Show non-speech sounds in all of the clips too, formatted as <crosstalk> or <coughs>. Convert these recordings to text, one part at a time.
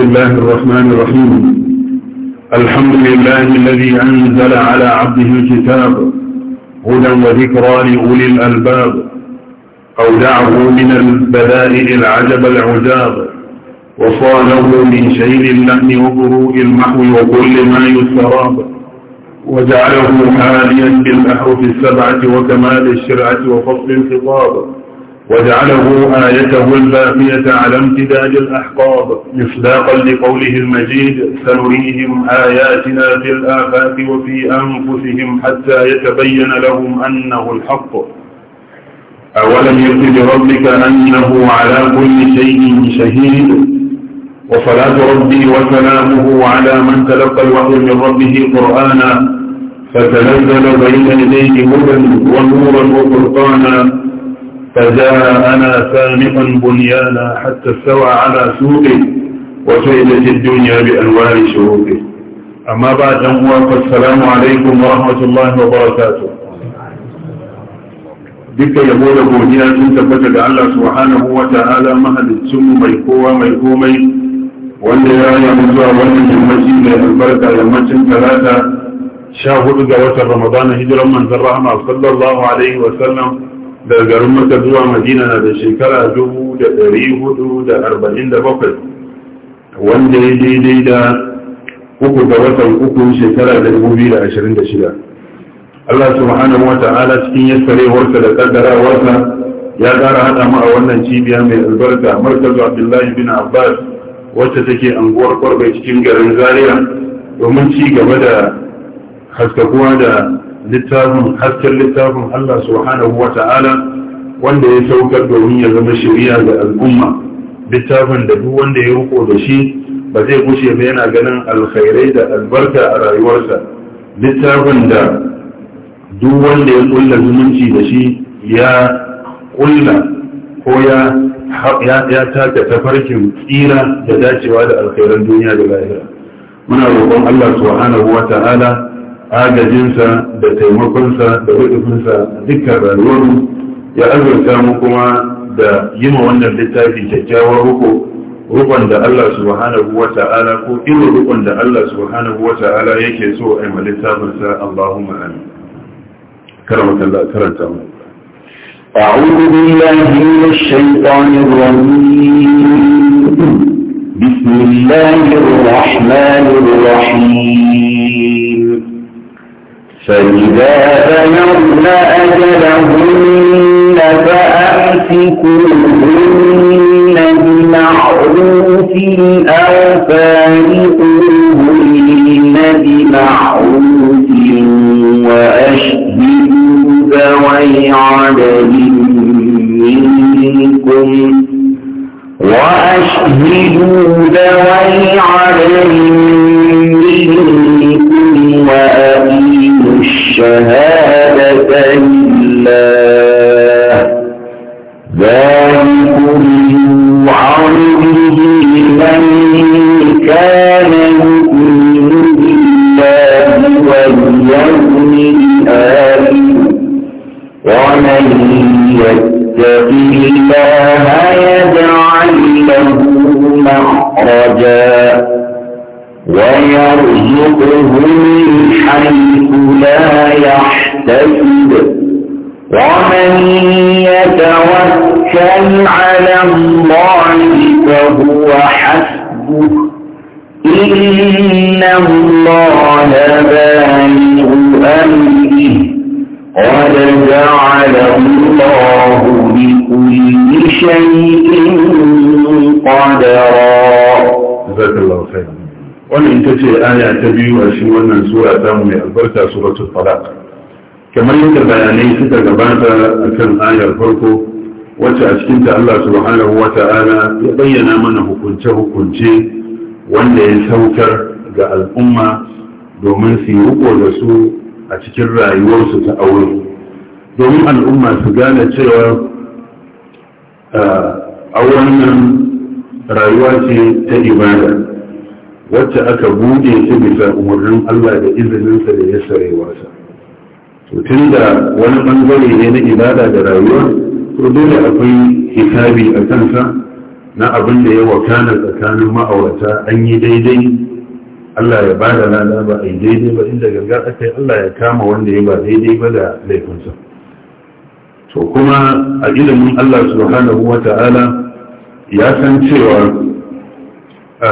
بسم الله الرحمن الرحيم الحمد لله الذي أنزل على عبده الكتاب هدى وذكرى لأولي الألباب أودعه من البدائل العجب العجاب وصانه من شيل اللحن وبروء المحو وكل ما يستراب وجعله حاليا بالأحرف السبعة وكمال الشرعة وفصل الخطاب وجعله آيته الباقية على امتداد الأحقاب مصداقا لقوله المجيد سنريهم آياتنا في الآفاق وفي أنفسهم حتى يتبين لهم أنه الحق أولم يكن بربك أنه على كل شيء شهيد وصلاة ربي وسلامه على من تلقى الوحي من ربه قرآنا فتنزل بين يديه هدى ونورا وفرقانا فجاءنا أنا بنيانا حتى استوى على سوقه وسيدت الدنيا بانوار شروقه أما بعد أمواق السلام عليكم ورحمة الله وبركاته بك يقول بنيان أنت فتد على سبحانه وتعالى مهد السم ميقوة ميقومي وليا يا مزوى ولن يمشي لي البركة يمشي ثلاثة شاهد دوات رمضان هجرا من ذرعنا صلى الله عليه وسلم daga garin maka zuwa madina na da shekara dubu da ɗari hudu da arba'in da bakwai wanda ya daidai da uku ga watan uku shekara da dubu biyu da ashirin da shida allah subhanahu wa ta'ala cikin yaskarewarsa da ƙaddarawarsa ya ƙara haɗa mu a wannan cibiya mai albarka markazu abdullahi bin abbas wacce take anguwar kwarbai cikin garin zaria domin ci gaba da haskakuwa da littafin hasken littafin Allah subhanahu wa ta'ala wanda ya saukar domin ya zama shari'a ga al'umma littafin da duk wanda ya riko da shi ba zai gushe ba yana ganin alkhairai da albarka a rayuwarsa littafin da duk wanda ya kulla zumunci da shi ya kulla ko ya ya taka tafarkin tsira da dacewa da alkhairan duniya da lahira muna roƙon Allah subhanahu wa ta'ala agajinsa da taimakonsa da wa'ifinsa dukkan rayuwarmu ya azurta mu kuma da yi ma wannan littafi kyakkyawar ruko rukon da Allah subhanahu wa ta'ala ko irin rukon da Allah subhanahu wa ta'ala yake so a yi ma littafinsa Allahumma amin karanta mu أعوذ بالله من الشيطان الرجيم بسم الله الرحمن الرحيم فإذا بلغن أجلهن فأمسكوهن بمعروف أو فارقوهن بمعروف وأشهدوا ذوي عدل منكم وأشهدوا ذوي عدل منكم وأقيموا الشهادة لله ذلكم يوعظ به من كان يؤمن بالله واليوم الآخر ومن يتق يتق الله يجعل له مخرجا ويرزقه من حيث لا يحتسب ومن يتوكل على الله فهو حسبه إن الله بالغ أمره قد جعل الله لكل شيء قدرا جزاك الله خيرا wannan ita ce aya ta biyu a shi wannan sura ta mai albarka suratul talaq kamar yadda bayanai suka gabata kan ayar farko wacce a cikin ta Allah subhanahu wa ta'ala ya bayyana mana hukunce hukunce wanda ya saukar ga al'umma domin su yi da su a cikin rayuwarsu ta aure domin al'umma su gane cewa auren nan rayuwa ce ta ibada wacce aka buɗe ta bisa umarnin Allah da izininsa da ya sarewarsa tun da wani ɓangare ne na ibada da rayuwa to dole akwai hisabi a kansa na abin da ya wakana tsakanin ma'aurata an yi daidai Allah ya bada lada ba a yi daidai ba inda gangar aka yi Allah ya kama wanda ya ba daidai ba da laifinsa to kuma a ilimin Allah subhanahu wa ta'ala ya san cewa a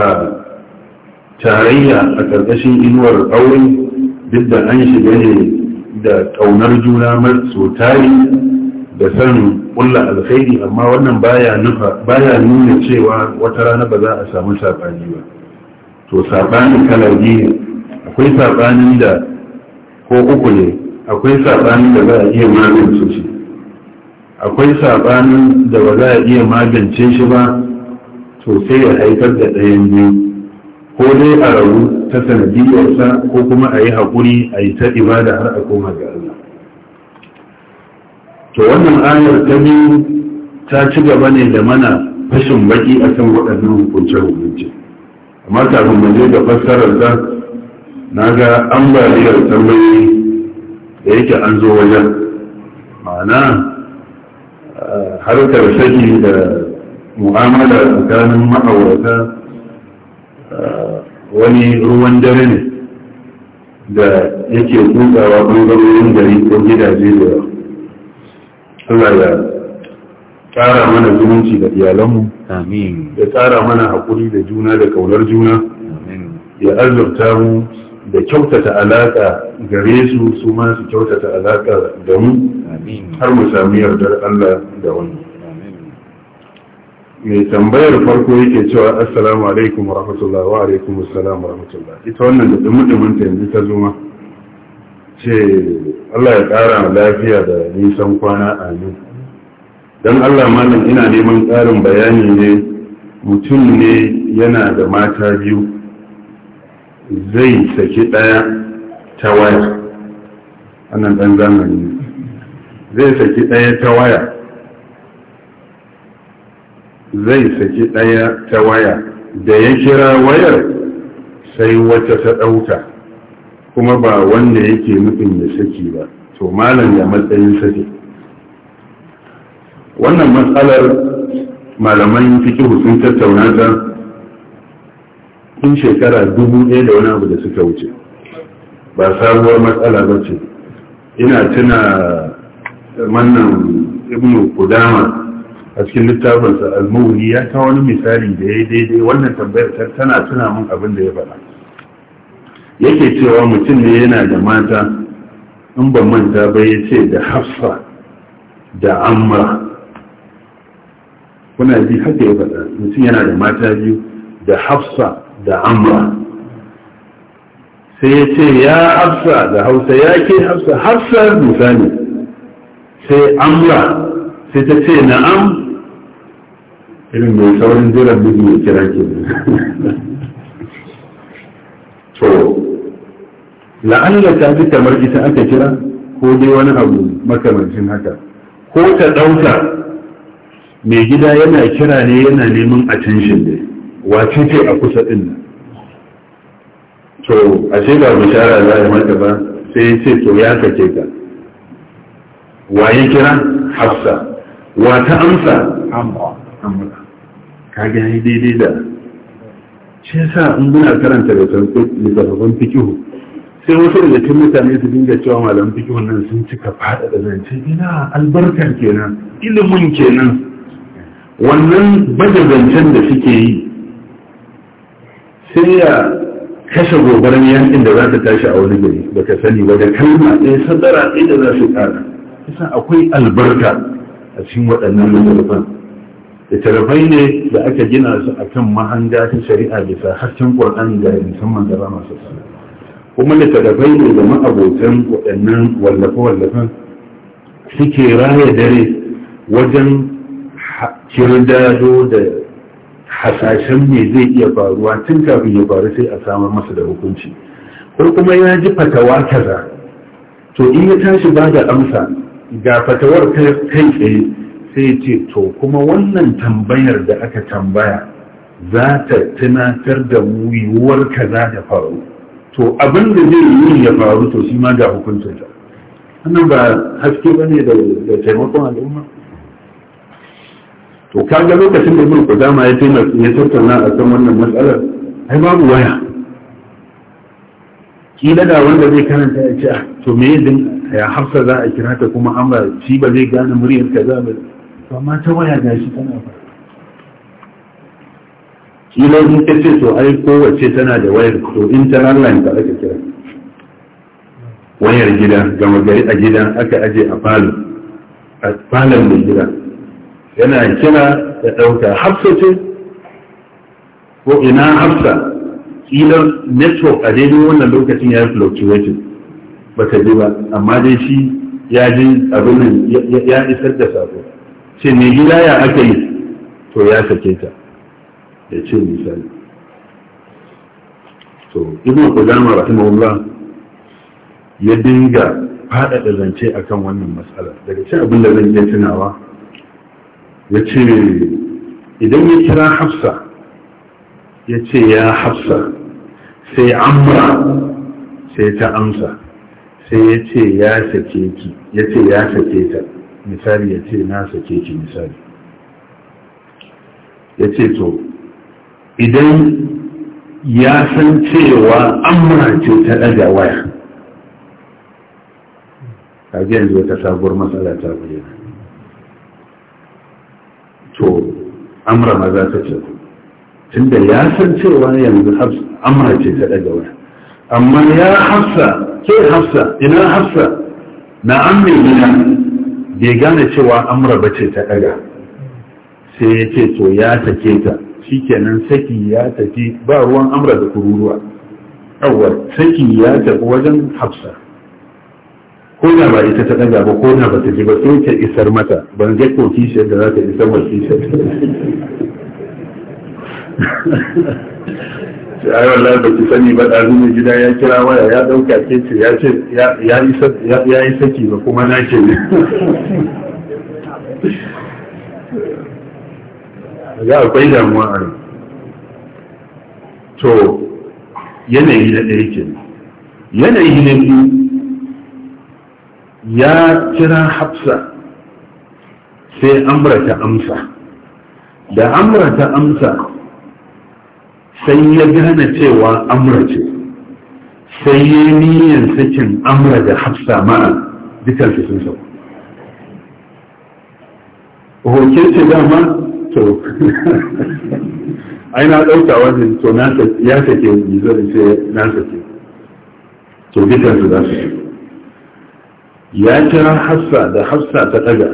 tarayya a ƙarƙashin inuwar aure duk da an shiga ne da ƙaunar juna marso tari da san ƙulla alkhairi amma wannan baya nuna cewa wata rana ba za a samu saɓani ba to saɓanin kalar biyu akwai saɓanin da ko uku ne akwai saɓanin da za a iya magance shi akwai saɓanin da ba za a iya magance shi ba to sai ya haifar da ɗayan biyu ko dai a rabu ta sanadiyarsa ko kuma a yi haƙuri a yi ta ibada har a koma ga Allah to wannan ayar ta biyu ta ci gaba ne da mana fashin baki akan waɗannan hukunce-hukunce amma kafin mu je ga fassarar ta na ga ambaliyar tambayi da yake an zo wajen ma'ana eh, harkar saki da mu'amala tsakanin ma'aurata eh, wani ruwan dare ne da yake kukawa ɓangarorin gari ko gidaje da yawa. tsara mana zumunci da iyalanmu ya tsara mana haƙuri da juna da ƙaunar juna ya azurta mu da kyautata alaƙa gare su su ma su kyautata alaƙa da mu har mu sami yardar Allah da wani mai tambayar farko yake cewa assalamu alaikum wa rahmatullah wa alaikum assalam wa rahmatullah ita wannan da dumudumin ta yanzu ta zuma ce Allah ya ƙara lafiya da nisan kwana amin don allah malam ina neman ƙarin bayani ne mutum ne yana da mata biyu zai saki ɗaya ta waya annan ɗan zamani zai saki ɗaya ta waya zai saki ɗaya ta waya da ya kira wayar sai wata ta ɗauka kuma ba wanda yake nufin ya saki ba to malam ya matsayin saki wannan matsalar malaman fikihu sun tattauna ta in shekara dubu ɗaya da wani abu da suka wuce ba sabuwar matsala ba ce ina tuna mannan ibn kudama a cikin littafinsa almawuni ya ta wani misali da ya daidai wannan tambayar tana tuna min abin da ya faɗa yake cewa mutum ne yana da mata in ban manta ba ya ce da hafsa da Amma. kuna ji haka ya faɗa mutum yana da mata biyu da hafsa da amra sai ya ce ya hafsa da hausa ya ke hafsa hafsa musa ne sai amra sai ta ce na'am irin mai saurin jiran duk ya kira ke <laughs> to la'alla ta ji kamar ita aka kira ko dai wani abu makamancin haka ko ta ɗauka mai gida yana kira ne yana neman attention ne wace ce a kusa din nan to ashe ga bishara za a mata ba sai ya ce to ya sake ka waye kira hafsa Wa ta amsa amma ka gani daidai da shi yasa in muna karanta da littattafan fikihu sai wasu da cikin mutane su dinga cewa malam fikihun nan sun cika fada da zance ina albarkar kenan ilimin kenan wannan zancen da suke yi sai ya kashe gobarar yankin da za ta tashi a wani gari ba ka sani ba da kalma ɗaya sadara ɗaya da za su ƙara isa akwai albarka a cikin waɗannan Da littattafai ne da aka gina su a kan mahanga ta shari'a bisa hasken ƙur'an da musamman da ba masu sana kuma littattafai ne da ma'abotan waɗannan wallafe-wallafen suke raya dare wajen shirin dado da hasashen me zai iya faruwa tun kafin ya faru sai a samar masa da hukunci ko kuma ya ji fatawa kaza to in ya tashi ba da amsa ga fatawar ta kai tsaye sai ce to kuma wannan tambayar da aka tambaya za ta tunatar da mu yiwuwar kaza da faru to abin da zai yi ya faru to shi ma ga hukuncinta wannan ba haske ba ne da taimakon al'umma to kaga lokacin da ibn qudama ya taimaka ya tattauna a kan wannan matsalar ai babu waya kila da wanda zai karanta ya ce to me yin ya hafsa za a kira ta kuma an ba shi ba zai gane muryar kaza ba to amma ta waya ga shi tana ba kila in ka ce to ai kowace tana da wayar to in ta online ka aka kira wayar gida gama gari a gida aka aje a falo a falon mai gida yana kira ya ɗauka hafsa ce ko ina hafsa ƙilar network a daidai wannan lokacin ya fluctuating ba ka ji ba amma dai shi ya ji abin ya isar da sako ce ne gida ya aka yi to ya sake ta da ce misali to ibn qudama rahimahullah ya dinga faɗaɗa zance akan wannan matsala daga cin abin da zan iya tunawa ya ce idan ya kira hafsa ya ce ya hafsa sai amra sai ta amsa sai ya ce ya sake ki ya ce ya sake ta misali ya ce na sake ki misali ya ce to idan ya san cewa amra ce ta ɗaga waya a yanzu wata sabuwar matsala ta bayyana to amra ma za ta ce tunda ya san cewa yanzu amra ce ta daga waya amma ya hafsa ke hafsa ina hafsa na amme gida bai gane cewa amra ba ce ta daga sai ya ce to ya take ta shikenan saki ya tafi ba ruwan amra da kururuwa yawwa saki ya tafi wajen hafsa ko da ba ita ta ɗaga ba ko da ba ta ji ba sai ta isar mata ban ga ko kishiyar da za ta isar wa kishiyar sai ai wallahi ba ki sani ba da mai gida ya kira waya ya ɗauka ke ce ya ce ya yi saki ba kuma na ke ne ga akwai damuwa a nan to yanayi na ɗaya ke yanayi na biyu ya kira hafsa sai amra ta amsa da amra ta amsa sai ya gane cewa amra ce sai ya yi sakin amra da hafsa ma'a su sun sauka hoke ce dama to <laughs> ai na ɗauka wajen to ya sake yi sai na sake to su za su shi ya kira hafsa da hafsa ta ɗaga,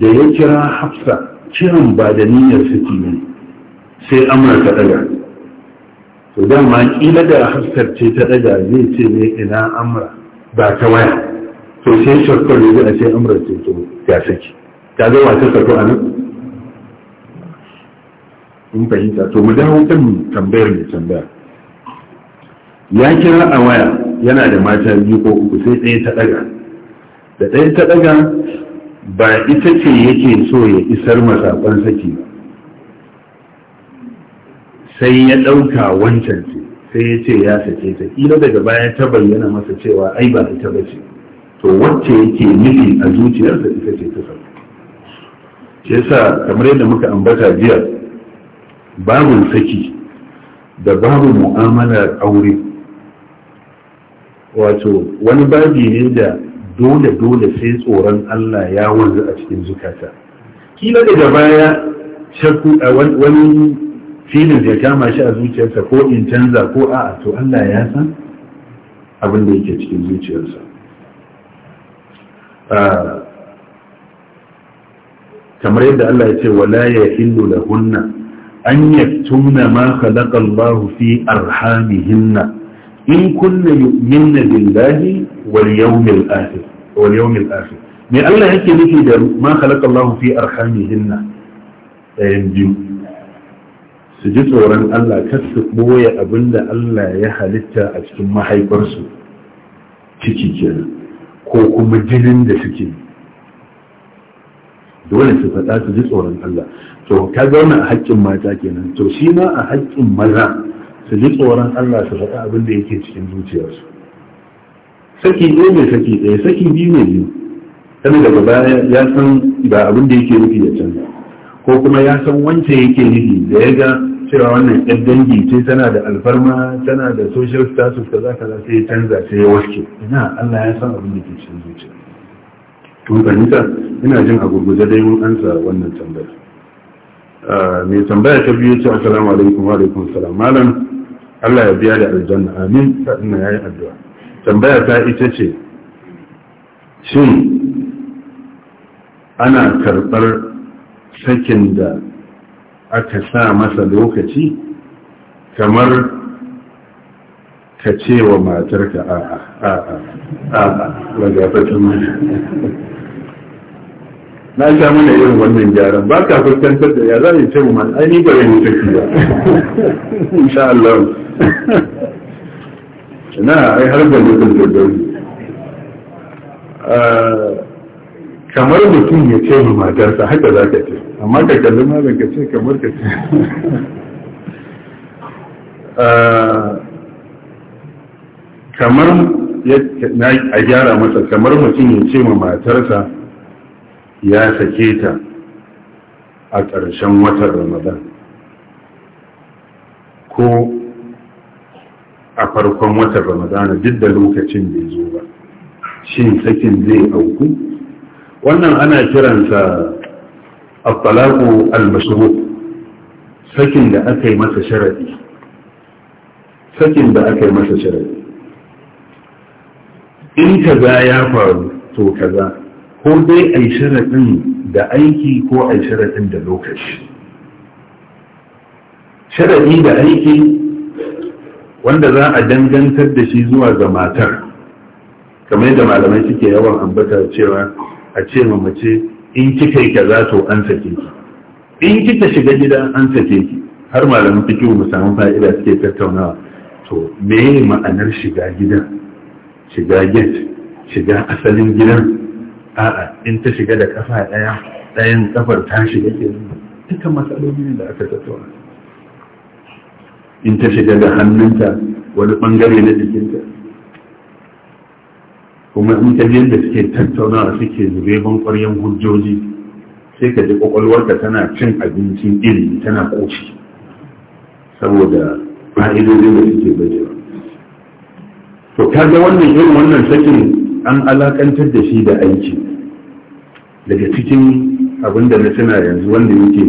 da ya kira hafsa kiran ba da niyyar suke ne sai amur ta ɗaga. to dama kila da hafsar ce ta ɗaga zai ce ne ina amra ba ta waya to sai shakkar yanzu a ce amra ce to ya saki ta zama ta sako a nan in fahimta to mu dawo kan tambayar mai tambaya ya kira a waya yana da mata biyu ko uku sai ɗaya ta ɗaga da ɗaya ta ɗaga ba ita ce yake so ya isar masakon saki ba sai ya ɗauka wancan ce sai ya ce ya sake ta ƙila daga baya ta bayyana masa cewa ai ba ita ba ce to wacce yake nufi a zuciyarsa ita ce ta sauka shi yasa kamar yadda muka ambata jiya babun saki da babu mu'amalar aure wato wani babi ne da dole dole sai tsoron Allah ya wanzu a cikin zukata kila daga baya a wani filin ya kama shi a zuciyarsa ko in canza ko a'a to Allah ya san abin da yake cikin zuciyarsa kamar yadda Allah ya ce wala ya yahillu lahunna an yaktumna ma khalaqa Allahu fi arhamihinna in kunna yu'minna billahi wal yawmil akhir wal yawmil akhir me Allah yake nufi da ma khalaqa Allahu fi arhamihinna ɗayan biyu su ji tsoron Allah kar su ɓoye abin da Allah ya halitta a cikin mahaifarsu ciki kenan ko kuma jinin da suke dole su faɗa su ji tsoron Allah to ka zauna a haƙƙin mata kenan to shi ma a haƙƙin maza su ji tsoron Allah su faɗi abin da yake cikin zuciyarsu saki ɗaya mai saki ɗaya saki biyu mai biyu tana daga baya ya san ba abin da yake nufi ya canza ko kuma ya san wance yake nufi da ya ga cewa wannan ɗan dangi ce tana da alfarma tana da social status za kaza sai ya canza sai ya warke ina Allah ya san abin da ke cikin zuciya tun fahimta ina jin a gurguje dai mun ansa wannan tambaya ah, mai tambaya ta biyu ce assalamu alaikum wa alaikum salam malam Allah ya biya da aljanna amin ya yi addu'a tambaya ta ita ce shin ana karɓar sakin da aka sa masa lokaci kamar ka ce wa matarka a'a a'a a'a na sha mana irin wannan gyaran ba ka fuskantar da ya za a ce man ai ni bare ni take ba <laughs> insha Allah na ai har da mutum da dauri ah, kamar mutum ya ce ma matarsa haka za ka ce amma ka kalli malam ka ce kamar ka ce <laughs> ah, kamar a gyara masa kamar mutum ya ce ma matarsa ya sake ta a ƙarshen watan ramadan ko a farkon watan Ramadan duk da lokacin bai zo ba shin sakin zai auku wannan ana kiransa al-talaku al-mashhur sakin da aka yi masa sharadi sakin da aka yi masa sharadi in kaza ya faru to kaza ko dai a yi sharaɗin da aiki ko a yi sharaɗin da lokaci sharaɗi da aiki wanda za a dangantar da shi zuwa ga matar kamar yadda malamai suke yawan ambata cewa a ce mace in kika yi kaza to an sake ki in kika shiga gida an sake ki har malamin fikihu mu samu fa'ida suke tattaunawa to me ma'anar shiga gidan shiga gate shiga asalin gidan a'a in ta shiga da kafa ɗaya ɗayan kafar ta shiga ke dukkan matsaloli ne da aka tattauna in ta shiga da hannunta wani bangare na jikinta kuma in ta da suke tattaunawa suke zube ban hujjoji sai ka ji ƙwaƙwalwarka tana cin abincin iri tana ƙoshi saboda fa'idodin da suke bajewa to kaga wannan irin wannan sakin an alakantar da shi da aiki daga cikin abin da na suna yanzu wanda yake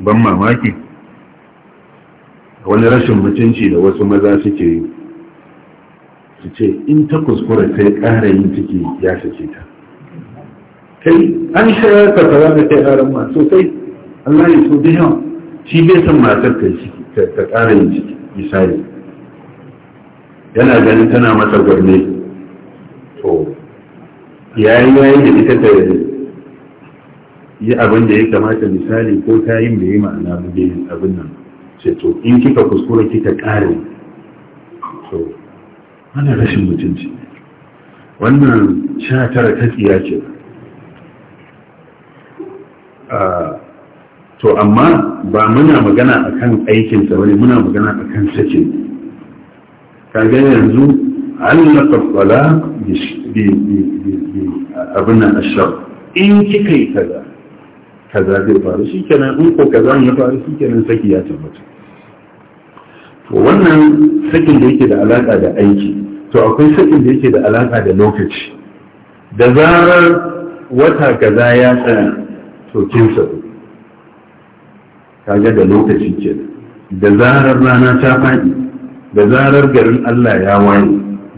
ban mamaki wani rashin mutunci da wasu maza suke yi su ce in ta kuskura sai ƙara yin ciki ya sake ta kai an shayar ka fara da kai ƙarar ma sosai Allah ya so da yawa shi bai san matar ta ƙara yin ciki misali yana ganin tana masa gwarne to da ita ta yi abin da ya kamata misali ko ta yi da ya ma'ana bude abin nan ce to in kika kuskura kika kare to ana rashin mutunci wannan sha tara ta tsiya ce to amma ba muna magana akan aikinsa wani muna magana akan sakin kaga yanzu allaka talaq bi abin ashar in kika yi kaza kaza zai faru shikenan in ko kaza ya faru shikenan saki ya tabbata to wannan sakin da yake da alaka da aiki to akwai sakin da yake da alaka da lokaci da zarar wata kaza ya tsaya to kin sabu kaga da lokaci kenan da zarar rana ta faɗi da zarar garin Allah ya waye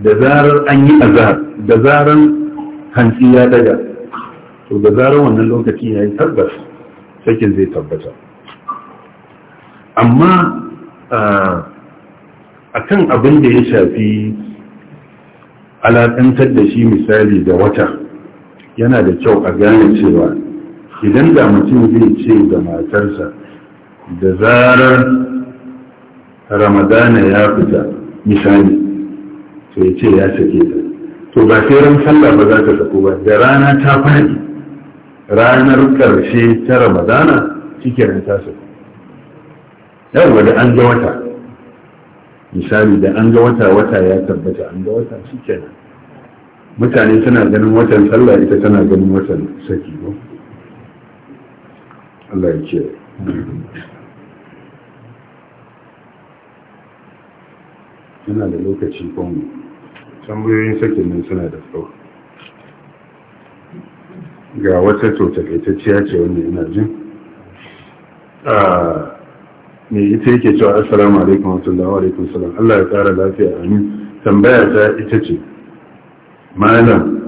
da zarar an yi azar da zarar hantsi ya daga to da zarar wannan lokaci ya yi tabbas sakin zai tabbata amma a kan abin da ya shafi alaƙantar da shi misali da wata yana da kyau a gane cewa idan da mutum zai ce da matarsa da zarar ramadana ya fita misali sai ce ya sake ta to ba sai ran sallah ba za ta sako ba da rana ta fadi ranar karshe ta ramadana cikin ran ta sako yawwa da an ga wata misali da an ga wata wata ya tabbata an ga wata cikin mutane suna ganin watan sallah ita tana ganin watan saki ba Allah ya ce yana da lokaci kwanmu tambayoyin sakin nan suna da tsawo ga wata ciya ce wanda yana jin mai ita yake cewa assalamu alaikum wa alaikum salam Allah ya tsara lafiya amin tambaya ta ita ce malam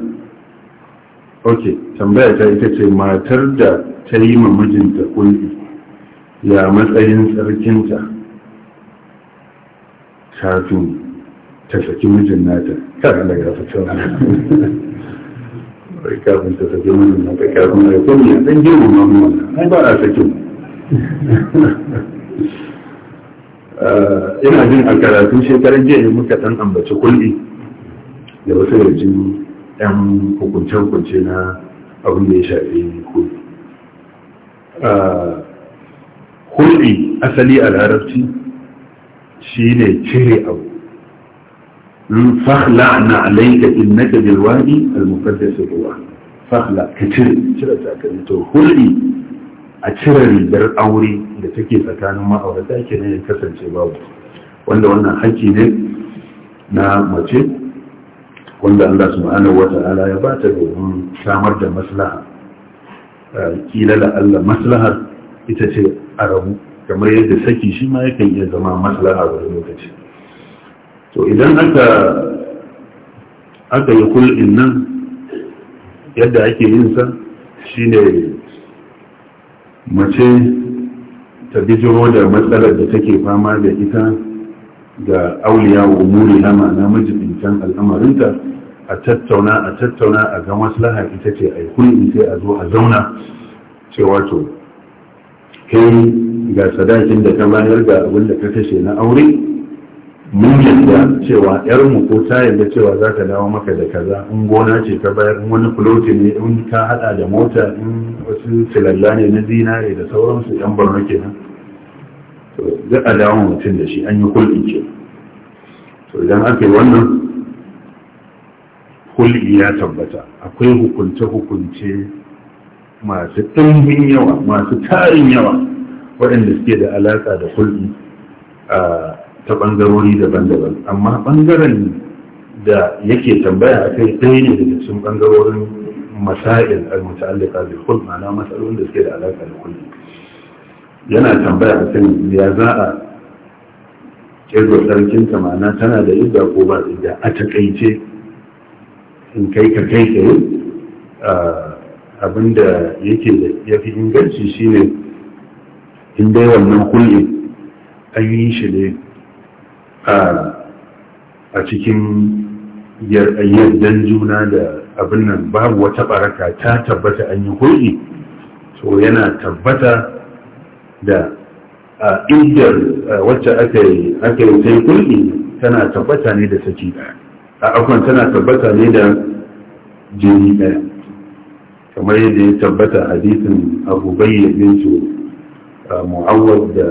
ok tambaya ta ita ce matar da ta yi mamajinta kulki ya matsayin tsarkinta kafin ta saki mijin nata kan Allah ya fata wani kafin ta saki mijin nata kafin ya ya dan girma mamu wannan ai ba a sakin eh, ina jin a karatun shekaran jiya ne muka dan ambaci kulli da wasu jini yan hukunce-hukunce na abin da ya shafi kulli hulɗi eh, asali a larabci shine cire abu fakhla na alaika innaka bil wadi al muqaddas ruwa fakhla ka cire cire takalmi to hulɗi a cire rigar aure da take tsakanin ma'aurata kenan ya kasance babu wanda wannan hakki ne na mace wanda Allah subhanahu ala ya bata domin samar da maslaha kila Allah maslahar ita ce a rabu kamar yadda saki shi ma yakan iya zama maslaha wani lokaci to idan aka aka yi kul'in nan yadda ake yin sa shine mace ta bijiro da matsalar da take fama da ita ga auliya wa umuri lama na majibincan al'amarinta a tattauna a tattauna a ga maslaha ita ce a yi kulin sai a zo a zauna cewa to kai ga sadakin da ta bayar ga abin da ka kashe na aure mun yadda cewa yar ko ta yadda cewa za ka dawo maka da kaza in gona ce ka bayar in wani fuloti ne in ka hada da mota in wasu filalla ne na zinare da sauransu yan ke nan to za a dawo mutum da shi an yi kulɗi ke to idan aka yi wannan kulɗi ya tabbata akwai hukunce-hukunce masu ɗimbin yawa masu tarin yawa waɗanda suke da alaƙa da hulɗi ta ɓangarori daban-daban amma ɓangaren da yake tambaya a kai ɗaya ne daga cikin ɓangarorin masail al-muta'alliqa bil khulq ma'ana masalolin da suke da alaƙa da hulɗi yana tambaya a kan ya za a ƙirgo sarkin ma'ana tana da idda ko ba idda a takaice in kai ka kai yi, abinda yake da ya fi inganci shine in dai wannan kulle an yi shi ne a cikin yardan juna da abin nan babu wata baraka ta tabbata an yi kulle to yana tabbata da a indiyar wacce aka yi sai kulle tana tabbata ne da saki a akwai tana tabbata ne da jini ɗaya kamar yadda ya tabbata hadisin abu yin su mu'awwad da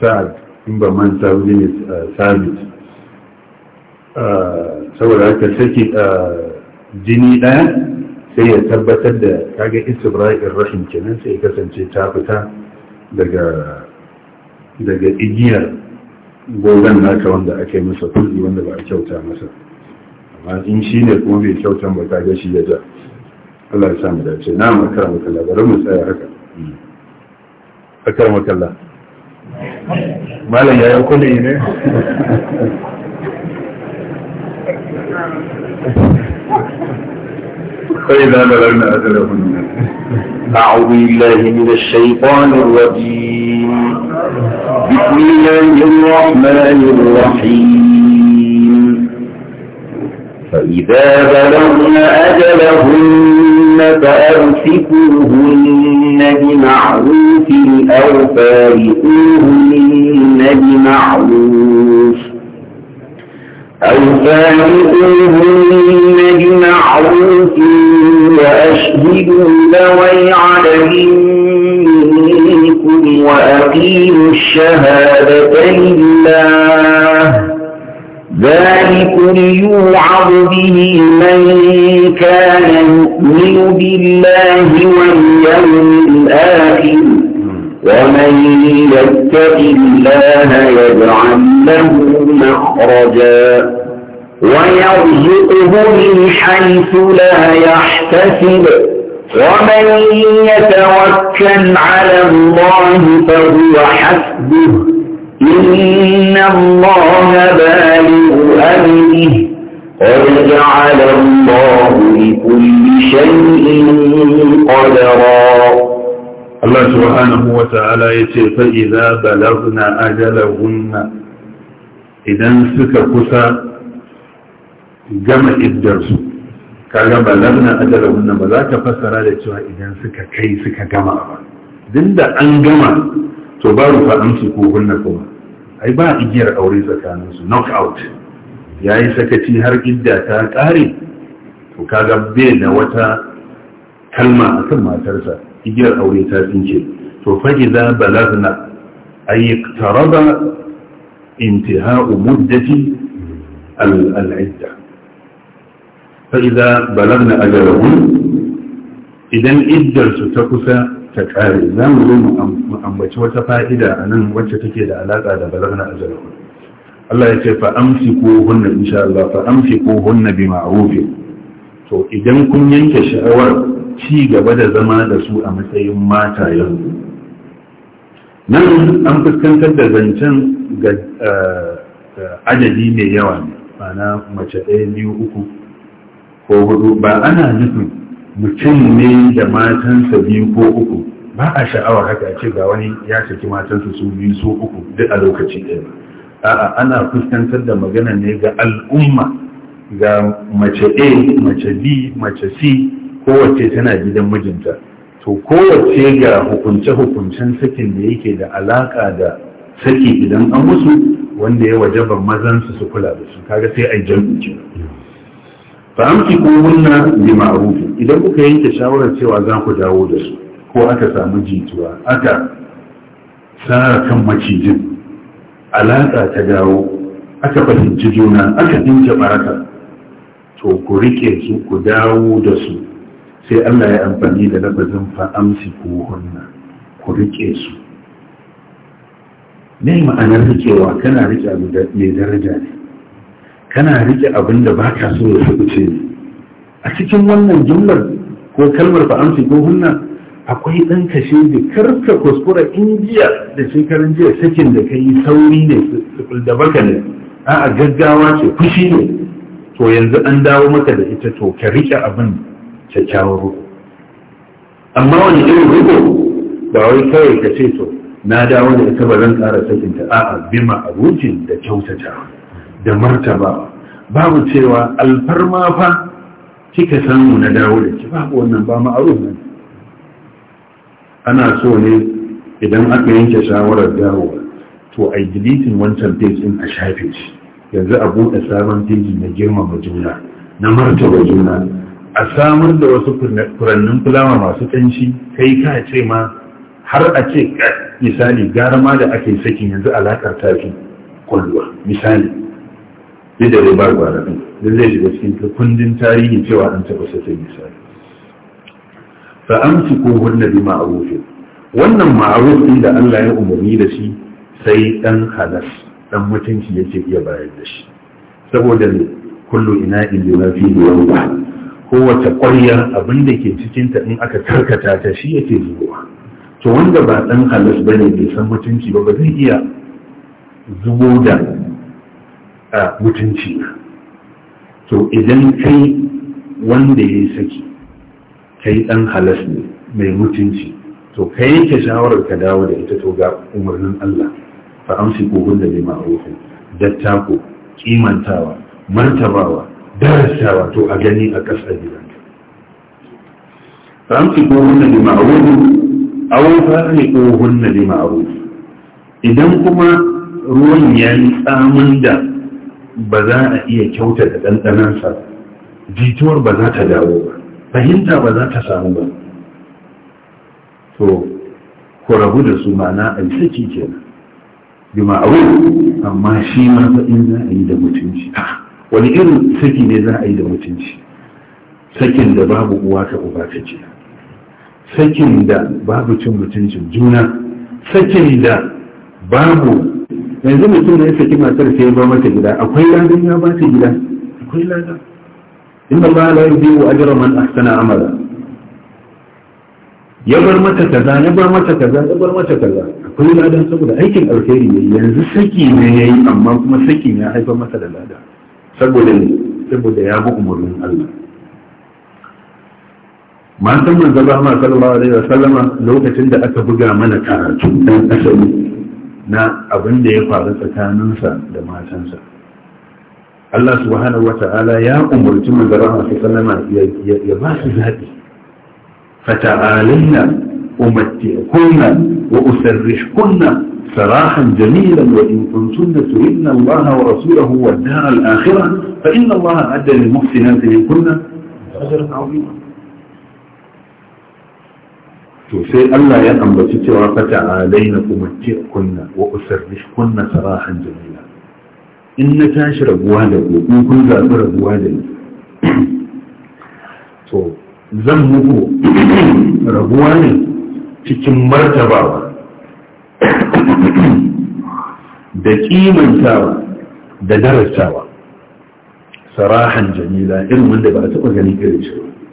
sa'ad in ba man sauri saboda haka saki jini ɗaya sai ya tabbatar da kaga istibra'ir rashin kenan sai ya kasance ta fita daga daga igiyar gogon naka wanda aka yi masa kulli wanda ba a kyauta masa amma in shi ne kuma bai kyauta ba ta gashi ya ja Allah ya samu dace na makara makala mu tsaya haka أكرمك الله ما yayin يأكلني إيه؟ ne فإذا بلغنا أجلهن أعوذ بالله من الشيطان الرجيم بسم الله الرحمن الرحيم فإذا بلغن أجلهن فأمسكوهن بمعروف أو فارقوهن بمعروف أو فارقوهن بمعروف وأشهدوا ذوي عدل منكم وأقيموا الشهادة لله ذلك ليوعظ به من كان يؤمن بالله واليوم الآخر ومن يتق الله يجعل له مخرجا ويرزقه من حيث لا يحتسب ومن يتوكل على الله فهو حسبه إن الله بالغ أمره قد الله لكل شيء قدرا الله سبحانه وتعالى يتير فإذا بلغنا أجلهن إذا نسك كسا جمع الدرس كما بلغنا أجلهن ملاك فسر على إذا نسك كي سك جمع دند أن جمع تبارف أمسكوهن كمان ai ba igiyar aure tsakaninsu knockout ya yi sakaci har idda ta ƙare to kaga bai da wata kalma akan matarsa igiyar aure ta tsince to fage za balagna a yi taraba intiha'u muddati al'idda fa'iza balagna ajarahun idan iddarsu ta kusa ta kare za mu zo mu ambaci wata fa'ida a nan wacce take da alaƙa da balagna a zarafin Allah ya ce fa ko hunna insha Allah fa ko hunna bi ma'rufi to idan kun yanke sha'awar ci gaba da zama da su a matsayin mata yanzu nan an fuskantar da zancen ga adadi mai yawa ne ma'ana mace ɗaya biyu uku ko hudu ba ana nufin mutum ne da matansa biyu ko uku ba a sha'awa haka ce ga wani ya saki matansa su biyu su uku duk a lokaci ɗaya a'a ana fuskantar da magana ne ga al'umma ga mace a mace b mace c kowace tana gidan mijinta to kowace ga hukunce-hukuncen sakin da yake da alaka da saki idan an musu wanda ya ba mazansu su kula da su kaga sai a yi ce Ba amki ko hunna bi ma'ruf idan kuka yanke shawarar cewa za ku dawo da su ko aka samu jituwa aka tsara kan macijin alaƙa ta dawo aka fahimci juna aka ɗinke baraka to ku rike su ku dawo da su sai Allah ya amfani da lafazin fa'amsi ko hunna ku rike su ne ma'anar rikewa kana rike abu mai daraja ne kana rike abin da ba ka so ya fi ne a cikin wannan jumlar ko kalmar fa ko hunna akwai ɗan kashe da karka kuskura indiya da shekaran jiya sakin da ka yi sauri ne da baka ne a gaggawa ce fushi ne to yanzu an dawo maka da ita to ka riƙe abin kyakkyawar ruku amma wani irin ruku ba wai kawai ka ce to na dawo da ita ba zan ƙara sakinta a'a bima abucin da kyautata da martaba babu cewa alfarma fa kika samu na dawo da ki babu wannan ba ma'aruf ne ana so ne idan aka yanke shawarar dawo to a deleting wancan page din a shafe shi yanzu a buɗe sabon page na girmama juna na martaba juna a samar da wasu furannin fulawa masu ƙanshi kai ka ce ma har a ce misali gara da ake sakin yanzu ta tafi kwalwa misali duk da dai ba da ɗin duk zai shiga cikin kundin tarihin cewa an taɓa sai misali fa ko wannan bi ma'arufin wannan ma'aruf ɗin da Allah ya umarni da shi sai ɗan halas ɗan mutunci yake iya bayar da shi saboda ne kullu ina'in bima fihi yawma kowace ƙwarya abin da ke cikin ta in aka karkata ta shi yake zuwa to wanda ba ɗan halas bane bai san mutunci ba ba zai iya zubo da a mutunci na to idan kai wanda ya yi saki kai dan halas ne mai mutunci to kai yake shawarar ka dawo da ita to ga umarnin Allah fa amsi kogun da lima ruhu dattako kimantawa martabawa darasawa to a gani a ƙasa gidan fa amsi kogun da lima ruhu da farliquhunna bima'ruf idan kuma ruwan ya yi tsamin da ba za a iya kyauta da ɗanɗanansa jituwar ba za ta dawo ba fahimta ba za ta samu ba to ku rabu da su mana a saki kenan bi ma'awu amma shi ma faɗin in za a yi da mutunci ah, wani irin saki ne za a yi da mutunci sakin da babu uwa ta uba ta ce sakin da babu cin mutuncin juna sakin da babu yanzu mutum da ya saki matar sai ya ba mata gida akwai ladan ya ba ta gida akwai ladan inna ba la a ajra man asana amala ya bar mata kaza ya bar mata kaza ya bar mata kaza akwai ladan saboda aikin alheri ne yanzu saki ne ya yi, amma kuma sakin ya haifar masa da lada saboda ne saboda ya bi umarnin Allah matan manzo ba ma sallallahu alaihi wasallama lokacin da aka buga mana karatu dan asali na abin da ya faru tsakaninsa da matansa Allah subhanahu wata'ala ya umarci manzara masu sallama ya ba su zaɓi fata'alayna umatti'kunna wa usarrihkunna سراحا جميلا وإن كنتن تردن الله ورسوله والدار الآخرة فإن الله أدى للمحسنات منكن أجرا عظيما to sai Allah ya ambaci cewa fata alaina kuma ce kunna wa usarrish kunna sarahan jamila in na tashi rabuwa da ku in kun zaɓi rabuwa da ni <coughs> to zan muku <coughs> rabuwa ne cikin martabawa <coughs> da kimantawa da darasawa sarahan jamila irin wanda ba a taɓa gani irin shi ba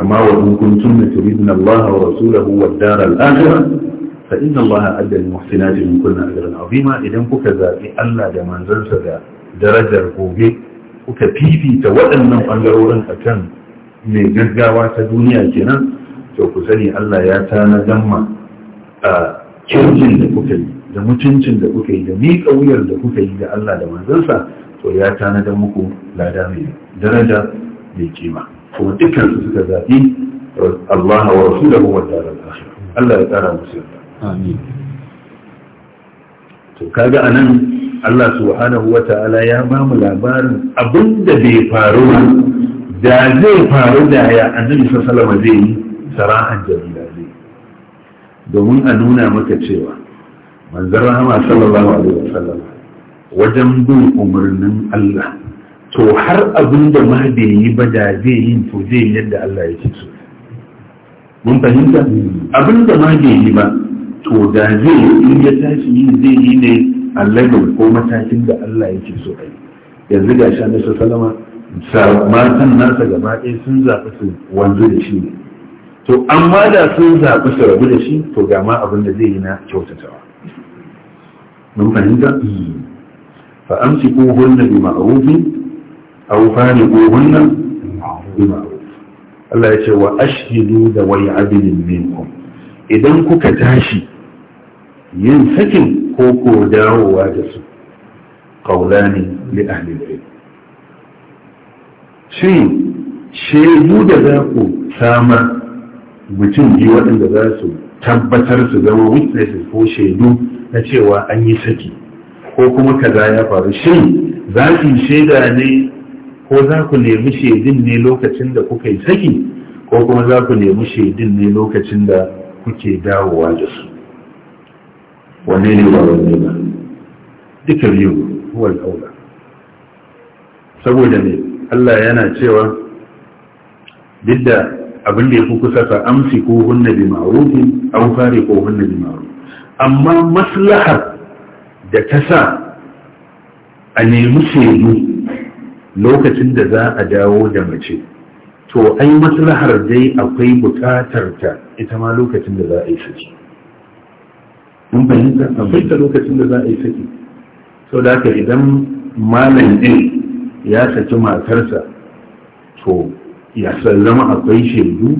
أما وإن كنتن تريدن الله ورسوله والدار الآخرة فإن الله أدى المحسنات من كنا أجرا عظيما إذا كذا ألا لمن زلزل درجة الكوبي وكفيفي تودن أنجرورا أكن من جزاوة دنيا كنا فكسني ألا ياتانا دمّا canjin da kuka yi da mutuncin da kuka yi da miƙa wuyar da kuka yi da Allah da manzansa to ya tanadar muku lada mai daraja mai kima kuma dukkan su suka zaɓi Allah wa rasulahu wa daren akhir Allah ya tsara musu yarda amin to kaga anan Allah subhanahu wa ta'ala ya ba mu labarin da bai faru da zai faru da ya annabi sallallahu alaihi zai yi sara'an jamila zai domin a nuna maka cewa manzon rahama sallallahu alaihi wa wasallam wajen bin umarnin Allah to har abin da ma bai yi ba da zai yi to zai yi yadda Allah ya ce su mun fahimta abin da ma bai yi ba to da zai yi in ya tashi yi zai yi ne a level ko matakin da Allah ya ce so ai yanzu ga sha na sallama matan nasa gaba ɗaya sun zaɓi su wanzu da shi ne to amma da sun zaɓi su rabu da shi to ga ma abin da zai yi na kyautatawa mun fahimta fa amsiku hunna bi ma'rufin aw fariquhunna bima'ruf Allah ya ce wa ashhidu da wai abidin minkum idan kuka tashi yin sakin ko ko dawowa da su qaulani li ahli al shin shaidu da za ku samar mutum biyu waɗanda za su tabbatar su zama witnesses ko shaidu na cewa an yi saki ko kuma kaza ya faru shin za su shaida ne ko za ku nemi shaidin ne lokacin da kuka yi saki ko kuma za ku nemi shaidin ne lokacin da kuke dawowa da su wanne ne ba wane ba duka biyu huwal aula saboda ne Allah yana cewa duk da abin da ya fi kusa ka amsi ko hunna bi ma'rufin aw fari ko hunna bi ma'ruf amma maslahar da ta sa a nemi shaidu lokacin da za a dawo da mace to ai maslahar dai akwai bukatar ta ita ma lokacin da za a yi saki In fahimta akwai ta lokacin da za a yi saki sau da ka, idan malam din ya saki matarsa to ya sallama akwai shaidu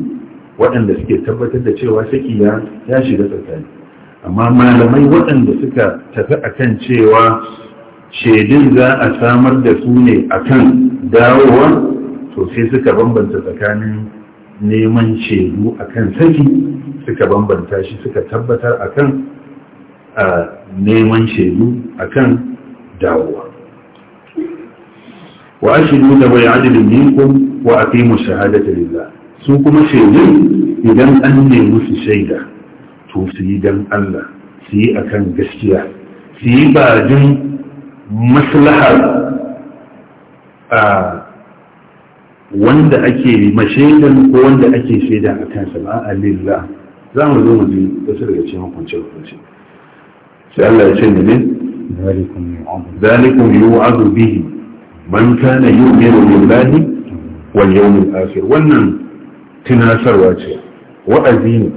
waɗanda suke tabbatar da cewa saki ya shiga tsakani amma malamai waɗanda suka tafi akan cewa shaidun za a samar da su ne akan dawowa to sai suka bambanta tsakanin neman shaidu kan saki suka bambanta shi suka tabbatar akan neman shaidu akan dawowa wa ashidu da bai adilin minkum wa shahada ta lillah su kuma shaidun idan an nemi su shaida to su yi dan Allah su yi a kan gaskiya su yi ba jin maslahar wanda ake mashaidan ko wanda ake shaida a kansa ba a lillah za mu zo mu ji wasu daga cikin hukunce hukunce sai Allah ya ce ne zalikum yu'adu bihi man kana yu'minu billahi wal yawmil akhir wannan tunasarwa ce wa'azi ne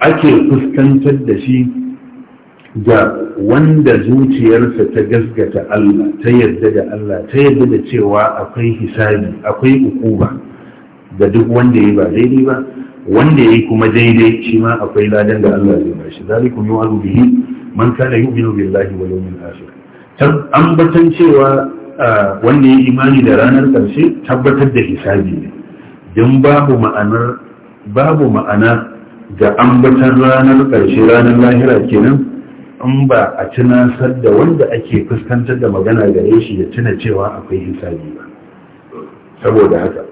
ake fuskantar da shi ga wanda zuciyarsa ta gaskata Allah ta yadda da Allah ta yadda da cewa akwai hisabi akwai ukuba ga duk wanda ya ba daidai ba wanda ya yi kuma daidai shi ma akwai ladan da Allah zai bashi zalikum yu'adu bihi man kana yu'minu billahi wal yawmil akhir ambatan cewa wanda ya imani da ranar karshe tabbatar da hisabi ne don babu ma'anar babu ma'ana ga ambatan ranar karshe ranar lahira kenan in ba a tunasar da wanda ake fuskantar da magana gare shi ya tuna cewa akwai hisabi ba saboda haka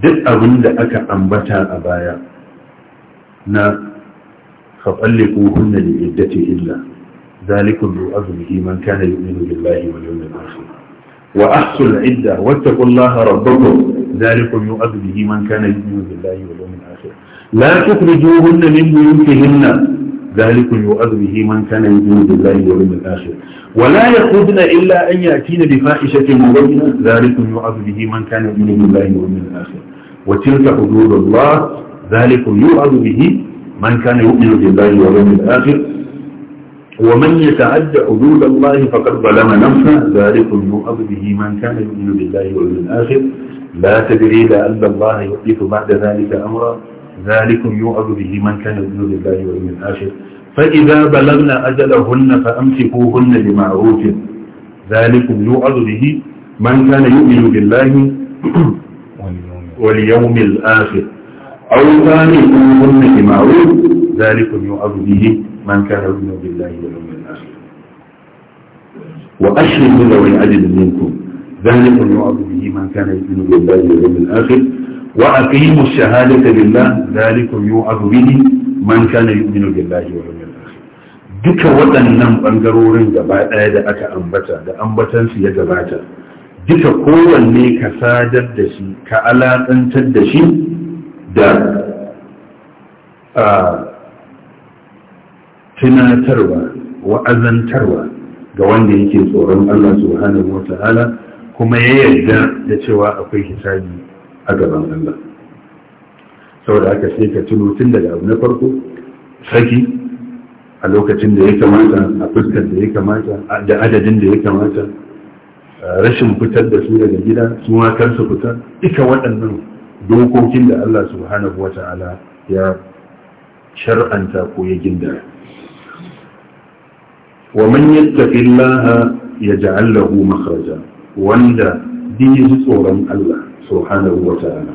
duk abin da aka ambata a baya na faɓalle kuhunna da iddace illa zalikun ruwa zuwa zuwa man kana yi ذلك يؤذ به من كان يؤمن بالله واليوم الآخر ولا يخرجن إلا أن يأتين بفاحشة مبينة ذلك يؤذ به من كان يؤمن بالله واليوم الآخر وتلك حدود الله ذلك يؤذ به من كان يؤمن بالله واليوم الآخر ومن يتعد حدود الله فقد ظلم نفسه ذلك يؤذ به من كان يؤمن بالله واليوم الآخر لا تدري لعل الله يحدث بعد ذلك أمرا ذلكم يوعظ به من كان يؤمن بالله واليوم الآخر فإذا بلغنا أجلهن فأمسكوهن بمعروف ذلكم يوعظ به من كان يؤمن بالله <clears throat> واليوم الآخر أو فانكوهن بمعروف ذلكم يوعظ به من كان يؤمن بالله واليوم الآخر وأشهد ذوي عدل منكم ذلكم يوعظ به من كان يؤمن بالله واليوم الآخر وأقيموا الشهادة بالله ذلكم يوعظ به من كان يؤمن بالله واليوم الآخر duka waɗannan ɓangarorin gaba ɗaya da aka ambata da ambatansu ya gabata duka kowanne ka sadar da shi ka alaƙantar da shi da tunatarwa wa'azantarwa ga wanda yake tsoron Allah subhanahu wa ta'ala kuma ya yarda da cewa akwai hisabi a gaban Allah saboda aka sai ka tuno tun daga abu na farko saki a lokacin da ya kamata a fuskar da ya kamata da adadin da ya kamata rashin fitar da su daga gida su ma kansu fitar waɗannan dokokin da Allah subhanahu wata'ala ya shar'anta ko ya ginda wa man yattaqillaha yaj'al lahu makhraja wanda bi tsoron Allah subhanahu wa ta'ala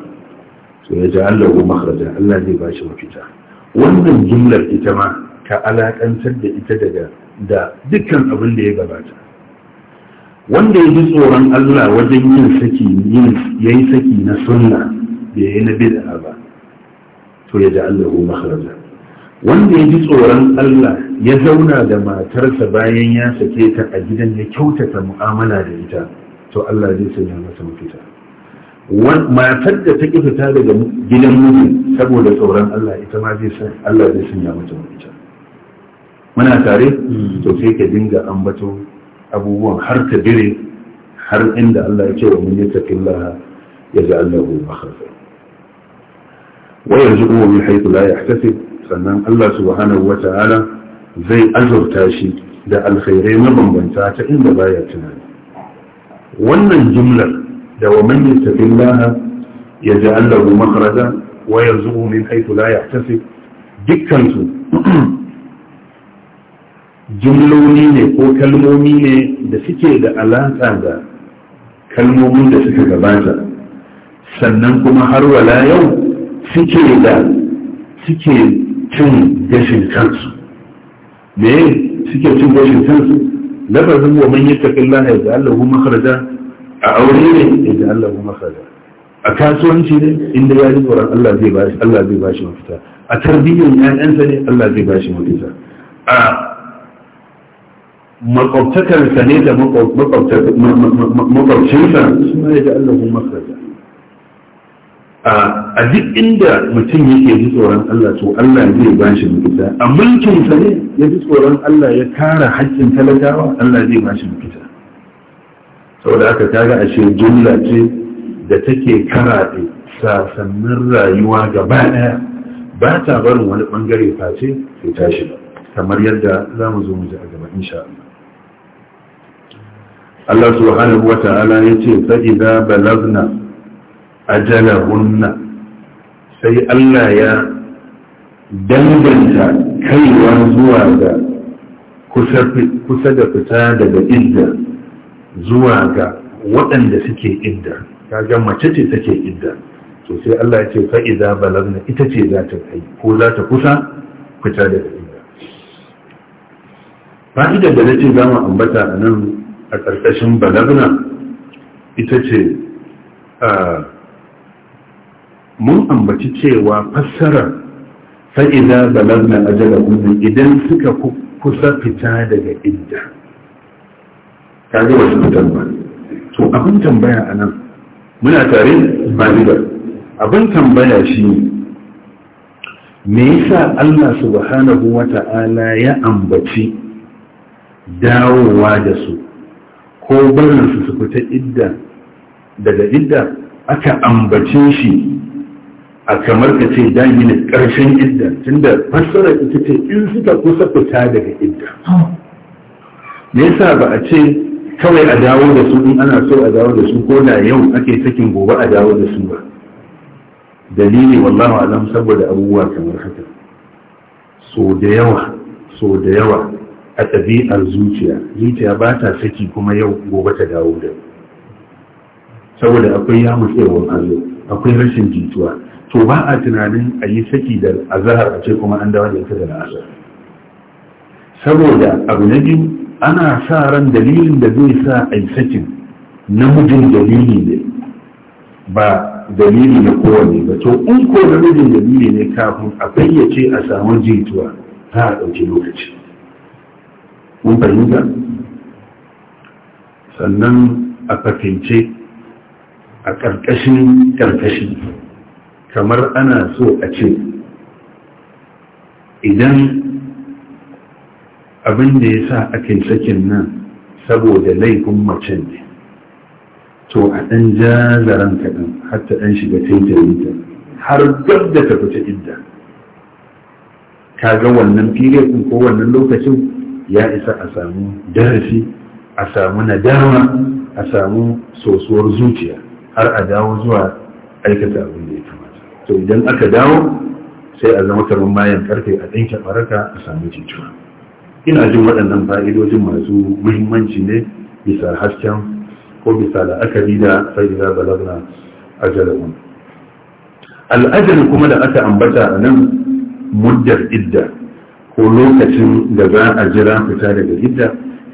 to ya ji Allah makhraja Allah zai bashi mafita wannan jumlar ita ma ka alakantar da ita daga da dukkan abin da ya gabata wanda ya ji tsoron Allah wajen yin saki yin yayi saki na sunna bai yi na bid'a ba to ya ji Allah makhraja wanda ya ji tsoron Allah ya zauna da matarsa bayan ya sake ta a gidan ya kyautata mu'amala da ita to Allah zai sanya masa mafita matar da ta ƙi fita daga gidan mutum saboda tsoron Allah ita ma zai san Allah zai sanya mata mafita muna tare hmm. to sai ka dinga ambato abubuwan har ka dire har inda Allah ya ce wa mun ji yaj'al lahu makhraja wa yarzuquhu min haythu la yahtasib sannan Allah subhanahu wata'ala zai azurta shi da alkhairai mabambanta ta inda baya tunani wannan jumlar da wa man yattaqillaha yaj'al lahu makhraja wa yarzuquhu min haythu la yahtasib dukkan su <clears throat> jumloli ne ko kalmomi ne da suke da alaƙa da kalmomin da suka gabata sannan kuma har wala yau suke da suke cin gashin kansu me suke cin gashin kansu lafazin wa man yattaqillaha yaj'al lahu makhraja a aure ne ya Allah kuma kaza a kasuwanci ne inda ya ji tsoron Allah zai bashi Allah zai bashi mafita a tarbiyyar ƴaƴansa ne Allah zai bashi mafita a makwabtakarsa ne da makwabcinsa su ma ya Allah kuma kaza a duk inda mutum yake ji tsoron Allah to Allah zai ba shi mafita a mulkinsa ne ya ji tsoron Allah ya kara haƙƙin talakawa Allah zai ba shi mafita saboda aka kaga ashe jumla ce da take karaɗe sasannin rayuwa gaba ɗaya ba ta barin wani ɓangare face sai tashi kamar yadda za mu zo mu ji a gaba insha Allah Allah subhanahu wa ta'ala ya ce fa'iza balagna ajalahunna sai Allah ya danganta kaiwa zuwa ga kusa da fita daga idda zuwa ga waɗanda suke idda kaga mace ce take idda to sai Allah ya ce fa idza balagna ita ce za ta kai ko za ta kusa fita daga idda fa'idar da nace za mu ambata nan a ƙarƙashin balagna ita ce mun ambaci cewa fassarar fa'iza balagna ajalahunna idan suka kusa fita daga idda wasu to abin tambaya a nan muna tare malibar abin tambaya shi me yasa Allah subhanahu wata'ala ya ambaci dawowa da su ko barinsu su fita idda daga idda aka ambace shi a kamar ka ce dangin ƙarshen idda tunda fassara ita ce in suka kusa fita daga idda oh. me yasa ba a ce kawai a dawo da su in ana so a dawo da su ko da yau ake sakin gobe a dawo da su ba dalili wallahu alam saboda abubuwa kamar haka so da yawa so da yawa a ɗabi'ar zuciya zuciya ba ta saki kuma yau gobe ta dawo da saboda akwai mutsewar azo akwai rashin jituwa to ba a tunanin a yi saki da azahar a ce kuma an dawo da ita da la'asar saboda abu na biyu ana sa ran dalilin da zai sa a sakin namijin dalili ne ba dalili na kowane ba to in ko namijin dalili ne kafin a fayyace a samu jituwa ta a ɗauki lokaci kun fahimta sannan a fafince a ƙarƙashin ƙarƙashi kamar ana so a ce idan abin da ya sa aka yi sakin nan saboda laifin macen ne to a ɗan jazaran kaɗan har ɗan shiga taitarinta har gab da ta fita idda kaga wannan ɗin ko wannan lokacin ya isa a samu darasi a samu nadama a samu sosuwar zuciya har a dawo zuwa aikata abin da ya kamata to idan aka dawo sai a zama kamar mayan karfe a ɗinke baraka a samu jituwa ina jin waɗannan fa'idojin masu muhimmanci ne bisa hasken ko bisa la'akari da fa'ida balagna ajalahun al'ajal kuma da aka ambata a nan muddar idda ko lokacin da za a jira fita daga idda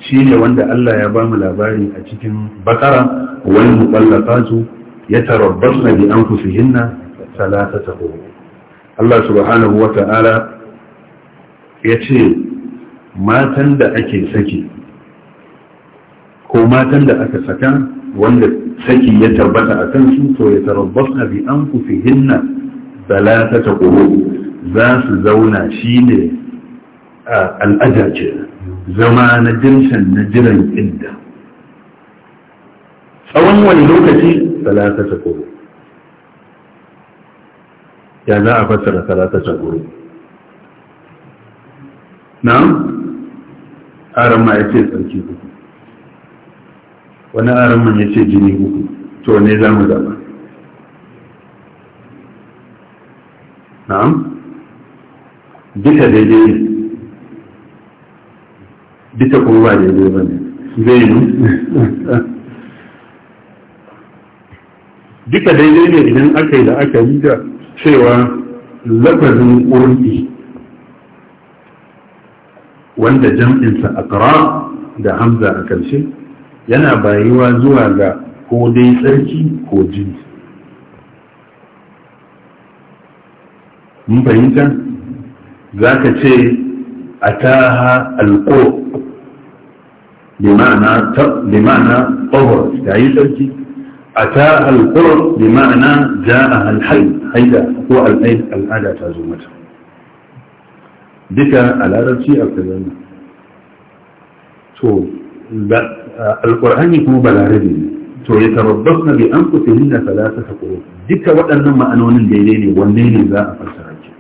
shi ne wanda Allah ya ba mu labari a cikin bakara wani mutallaka su ya tarabbas na bi an kusuhinna salata ta Allah subhanahu wa ta'ala ya ce matan da ake saki ko matan da aka saka wanda saki ya tabbata a kansu to ya tarabbasna bi anfusihinna ta qurun za su zauna shine al'ada ce zama na jinsan na jiran inda tsawon wani lokaci ta qurun ya za a fassara ta qurun na'am arama ya ce tsarki uku wani araman ya ce jini uku to ne za mu zama na'am duka daidai ne duka kuma ba daidai ba ne zai yi <laughs> duka daidai ne idan aka yi da aka yi da cewa lafazin ƙurɗi wanda jam'insa aqra da hamza a ƙarshe yana bayuwa zuwa ga ko dai tsarki ko jini mun fahimta za ka ce a taha alko bima'ana tsohon ya yi tsarki a taha alko bima'ana ja'a alhai haida ko al'ada ta zo mata duka a larabci a kazan to alƙur'ani kuma ba larabi ne to ya tarabbas na bi an kusa yin na salasa ta duka waɗannan ma'anonin daidai ne wanne ne za a fassara ki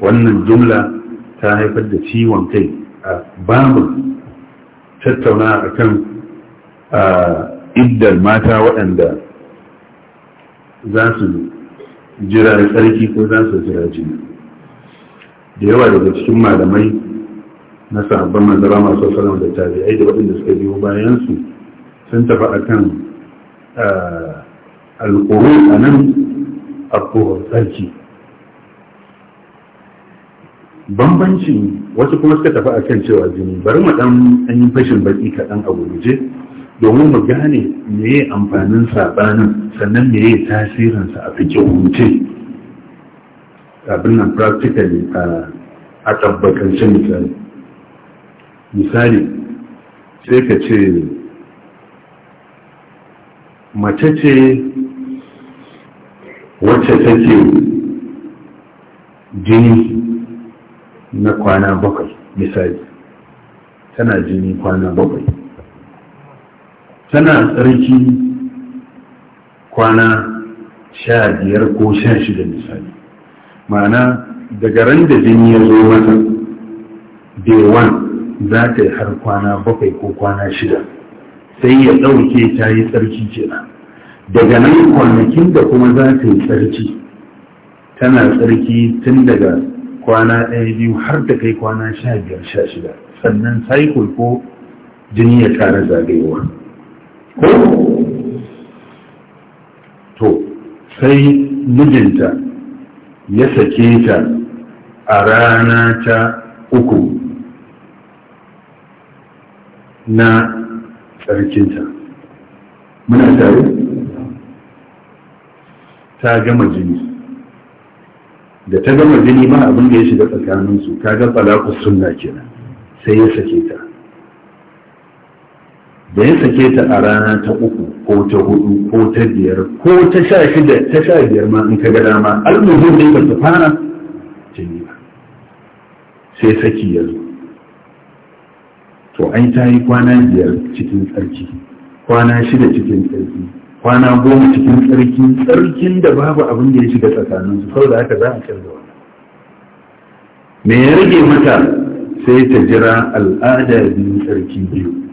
wannan jumla ta haifar da ciwon kai a bamu tattauna akan iddar mata waɗanda za su jira tsarki ko za su jira jini da yawa daga cikin malamai na sahabban manzara masu salama da tabi'ai da waɗanda suka biyo bayansu sun tafi a kan alƙuru ah, a nan alƙuhar tsarki bambanci wasu kuma suka tafi a kan cewa jini bari mu ɗan an yi fashin baƙi kaɗan a gurguje domin mu gane me amfanin saɓanin sannan me tasirinsa a fikin wuce. abin nan practically a tabbatance misali misali sai ka ce mace ce wacce take jini na kwana bakwai misali tana jini kwana bakwai tana tsarki kwana sha biyar ko sha shida misali ma'ana daga ran da jini ya zo mata day one za ta yi har kwana bakwai ko kwana shida sai ya ɗauke ta yi tsarki kenan daga nan kwanakin da kuma za ta yi tsarki tana tsarki tun daga kwana ɗaya biyu har da kai kwana sha biyar sha shida sannan cycle ko jini ya ƙara zagayewa ko to sai mijinta ya sake ta a rana ta uku na tsarkinta muna tare ta gama jini da ta gama jini ba abin da ya shiga tsakaninsu ta ga balakus sunna kenan sai ya sake ta da ya sake ta a rana ta uku ko ta hudu ko ta biyar ko ta sha shida ta sha biyar ma in ka ga dama almuhim da ya ta fara jini ba sai saki ya zo to ai ta yi kwana biyar cikin tsarki kwana shida cikin tsarki kwana goma cikin tsarki tsarkin da babu abin da ya shiga tsakaninsu sau da haka za a canza wani me ya rage mata sai ta jira al'ada biyu tsarki biyu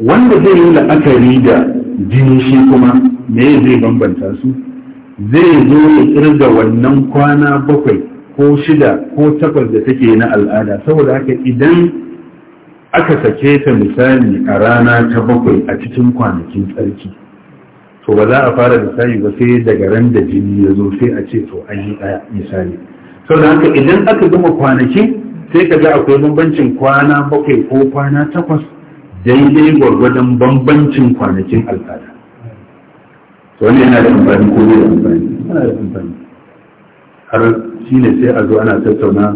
wanda zai yi la'akari da jini shi kuma me zai bambanta su zai zo ya kirga wannan kwana bakwai ko shida ko takwas da take na al'ada saboda haka idan aka sake ta misali a rana ta bakwai a cikin kwanakin tsarki to ba za a fara misali ba sai daga ran da jini ya zo sai a ce to an yi a misali sau haka idan aka gama kwanaki sai ka ga akwai bambancin kwana bakwai ko kwana takwas daidai gwargwadon bambancin kwanakin al'ada wani yana da amfani ko da amfani yana da amfani har shi ne sai a zo ana tattauna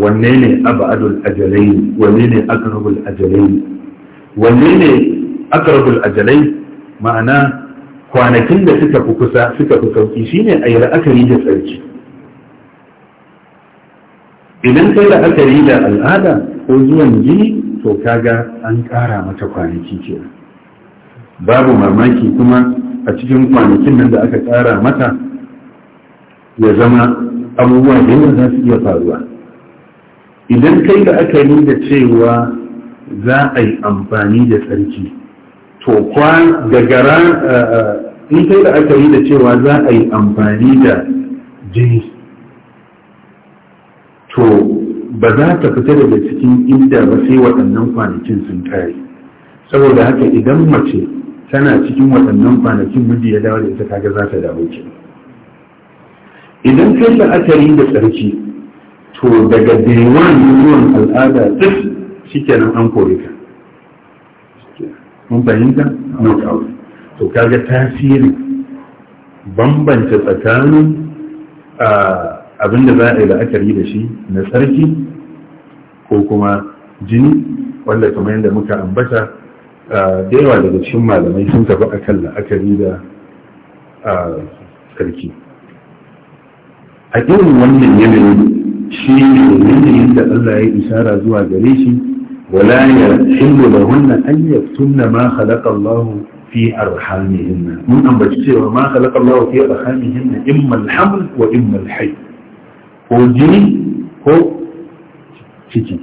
wanne ne abadul ajalai wanne ne akarabul ajalai wanne ne akarabul ajalai ma'ana kwanakin da suka fi kusa suka fi sauki shine a yi la'akari da tsarki idan kai da aka yi da al'ada ko zuwan jini to kaga an ƙara mata kwanaki ke babu mamaki kuma a cikin kwanakin nan da aka ƙara mata ya zama abubuwa da yawa za su iya faruwa idan kai da aka yi da cewa za a yi amfani da tsarki to kwa gagara eh, eh, in kai da aka yi da cewa za a yi amfani da jini to ba za ta fita daga cikin inda ba sai waɗannan kwanakin sun kare saboda haka idan mace tana cikin waɗannan kwanakin miji ya dawo da ita kaga za ta dawo ke idan kai la'akari da tsarki to daga daiwan yiwuwan al'ada duk nan an kore ka mun fahimta mun kawo. to kaga tasirin bambanta tsakanin a ah, abinda za a yi la'akari da shi na tsarki ko kuma jini wanda kamar yadda muka ambata da yawa daga cikin malamai sun tafi a kan la'akari da tsarki a irin wannan yanayi shi ne yanayin da Allah ya isara zuwa gare shi wala ya hillu da wannan an yaktunna ma khalaqa fi arhamihinna mun ambaci cewa ma khalaqa Allah fi arhamihinna imma al wa imma al ko jini ko ciki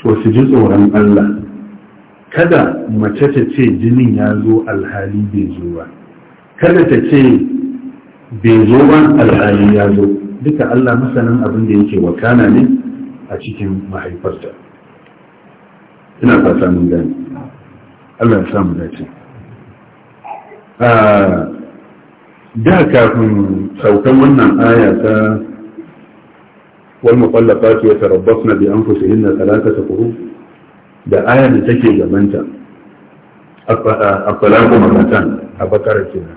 to su ji tsoron Allah kada mace ta ce jinin ya zo alhali bai zo ba kada ta ce bai zo ba alhali ya zo duka Allah masanin abin da yake wakana ne a cikin mahaifarta ina fata mun gani Allah ya samu dace ah, da kafin saukan wannan aya ta والمطلقات يتربصن بأنفسهن ثلاثة قروء da aya da take gabanta a falaku marratan a bakar kenan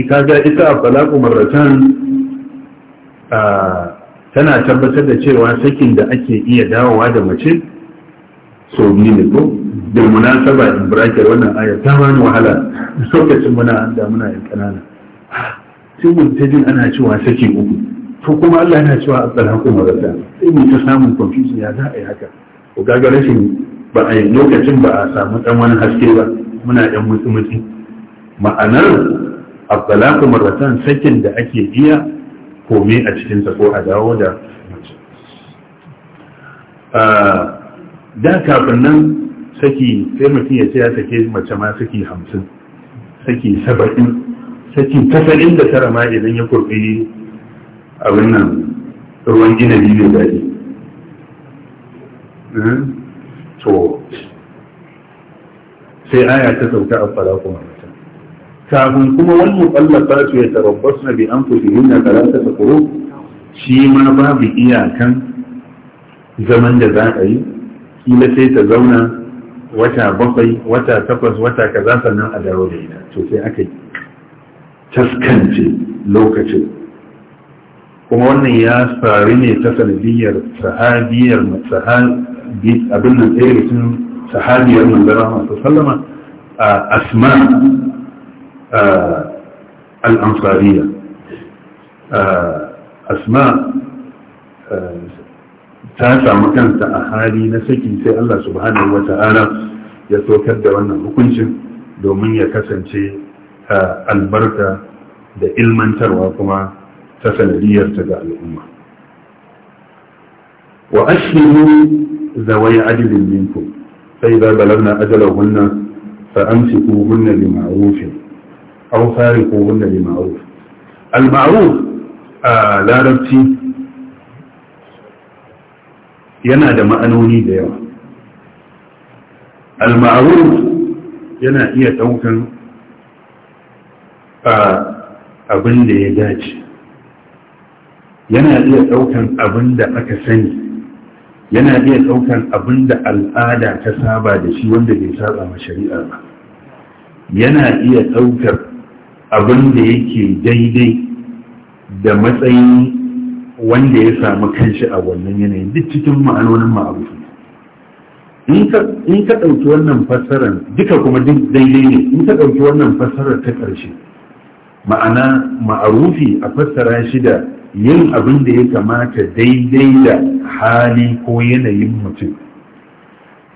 ika ga ita a falaku marratan tana tabbatar da cewa sakin da ake iya dawowa da mace so ni ne ko da muna saba in bracket wannan aya ta wani wahala lokacin muna da muna yan kanana sai mun ta jin ana cewa sakin uku to kuma Allah yana cewa a alaikum sai mu ta samun confusion ya za a yi haka ko ga rashin ba a lokacin ba a samu dan wani haske ba muna yan mutumutsi ma'anar assalamu marratan sakin da ake iya komai a cikin sa ko a dawo da ah, da kafin nan saki sai mutum ya ce ya sake mace ma saki hamsin saki saba'in saki tasa'in da tara ma idan ya kurbi abin nan ruwan gina biyu da daji hmm? to sai aya ta sauka a fara kuma kafin kuma wani mutallaka su ya tarabbas na bi an fusi hinna ta kuro shi ma babu iyakan zaman da za a yi kila sai ta zauna wata bakwai wata takwas wata kaza sannan a dawo da ita to sai aka taskance lokacin kuma wannan ya faru ne ta sanadiyar sahabiyar abin nan ɗaya cikin sahabiyar manzon Allah sallama asma al asma ta samu kanta a hali na saki sai Allah subhanahu wa ta'ala ya tokar da wannan hukuncin domin ya kasance albarka da ilmantarwa kuma فكالذي ارتدى الأمة وأشهدوا ذوي عدل منكم فإذا بلغنا أجلهن فأمسكوهن بمعروف أو فارقوهن بمعروف المعروف آه، لا ربتي ينا دم أنوني ديوة المعروف ينا إيا توكن آه، أبن ديجاج yana iya ɗaukan abin da aka sani yana iya ɗaukan abin da al'ada ta saba da shi wanda bai saba ma shari'a ba yana iya ɗaukar abin da yake daidai da matsayin wanda ya samu kanshi a wannan yanayin duk cikin ma'anonin ma'arufi in ka ɗauki wannan fassarar duka kuma duk daidai ne in ka ɗauki wannan fassarar ta ƙarshe ma'ana ma'arufi a fassara shi da yin abin da ya kamata daidai da hali ko yanayin mutum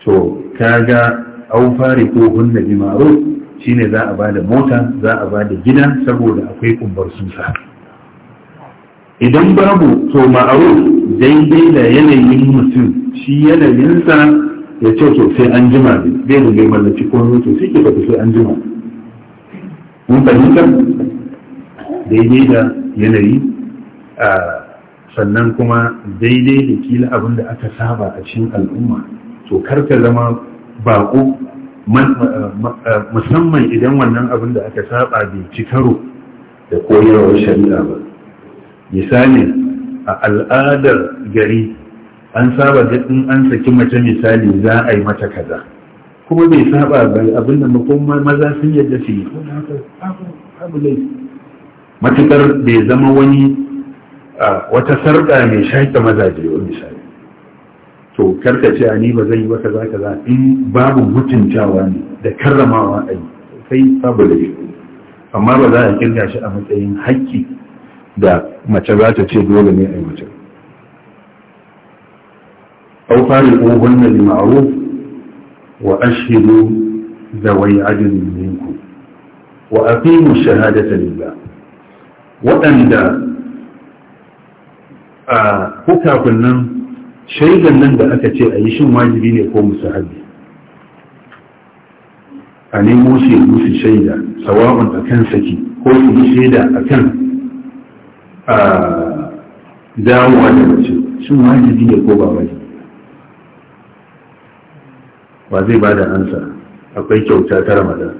to kaga au fari ko hunna bi ma'ruf shine za a bada mota za a bada gida saboda akwai kumbar susa idan babu to ma'aru daidai da yanayin mutum shi yanayinsa ya ce to sai an jima bai da mai mallaci ko to sai ke fata sai an jima mun fahimta daidai da yanayi sannan kuma daidai da kila abin da aka saba a cikin al'umma to karka zama baƙo musamman idan wannan abin da aka saba bai ci karo da koyarwar shari'a ba misali a al'adar gari an saba da in an saki mace misali za a yi mata kaza kuma bai saba ba abin da maza sun yadda su yi matukar bai zama wani Ah, wata sarƙa mai shaƙa mazaje wa misali to karkace a ni ba zai yi wata za ka za in babu mutuntawa ne da karramawa a yi sai babu da shi amma ba za a kirga shi a matsayin haƙƙi da mace za ta ce dole ne a yi mace au fari ko wannan lima'aruf wa ashiru wai adilin minku wa aqimu shahadata lillah waɗanda a hukakun nan shaidan nan da aka ce a yi shin wajibi ne ko musahabi a nemo shi ya musu shaida sawa'un a kan saki ko su yi shaida a kan damuwa da mace shin wajibi ne ko ba wajibi ba zai ba da ansa akwai kyauta ta ramadan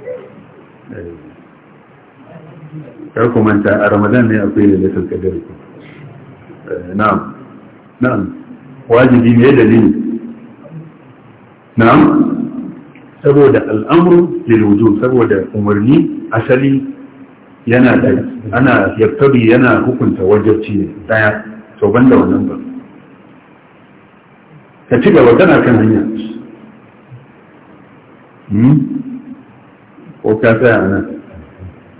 ya eh. ta a ramadan ne akwai da latar kadar kuma na'am na'am wajibi ne dalili na'am saboda al'amru lil saboda umarni asali yana da ana yaktabi yana hukunta wajibci ne daya to banda wannan ba ka ci gaba tana kan hanya hmm? ko ka tsaya nan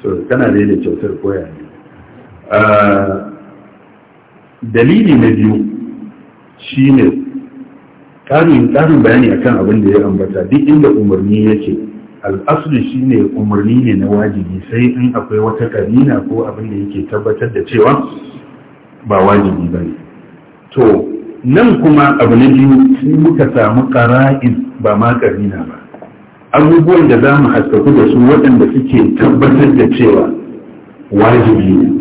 to kana da kyautar koya ne ah, dalili na biyu shi ne ƙarin bayani akan abin da ya ambata duk inda umarni yake shi ne umarni ne na wajibi sai in akwai wata karina ko abin da yake tabbatar da cewa ba wajibi ba ne to nan kuma abu na biyu sai muka samu ƙara'in ba ma karina ba abubuwan da za mu haskaku da su waɗanda suke tabbatar da cewa wajibi ne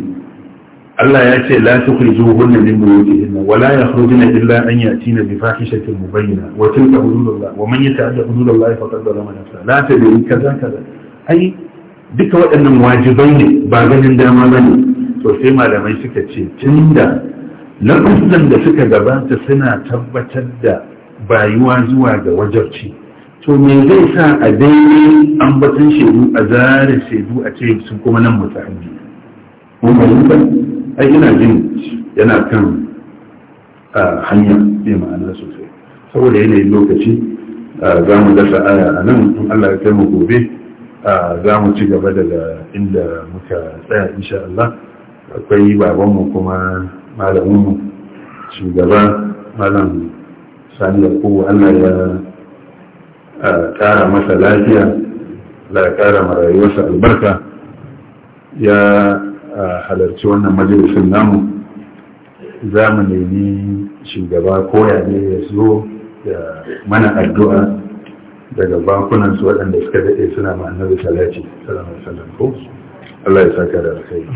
Allah ya ce la tukhrijuhunna min buyutihinna wa la yakhrujuna illa an yatina bi fahishatin mubayyina wa tilka hududullah wa man yata'adda hududallahi faqad zalama nafsahu la tadri kaza kaza ai duka waɗannan wajibai ne ba ganin dama bane to sai malamai suka ce tunda lafazan da suka gabata suna tabbatar da bayuwa zuwa ga wajarci, to me zai sa a daidai an batun shaidu a zare shaidu a ce su kuma nan mutane mun fahimta ai ina jin yana kan hanya bai ma'ana sosai saboda yanayin lokaci za mu dasa aya a nan in Allah ya kai mu gobe za mu ci gaba daga inda muka tsaya insha Allah akwai babanmu kuma malaminmu shugaba malam sani da kowa Allah ya ƙara masa lafiya Allah ya ƙara marayuwarsa albarka ya halarci wannan majalisun namu za mu nemi shugaba koya ne ya zo da mana addu'a daga bankunan su waɗanda suka daɗe suna ma'anar salati salamun salam ko Allah ya saka da alkhairi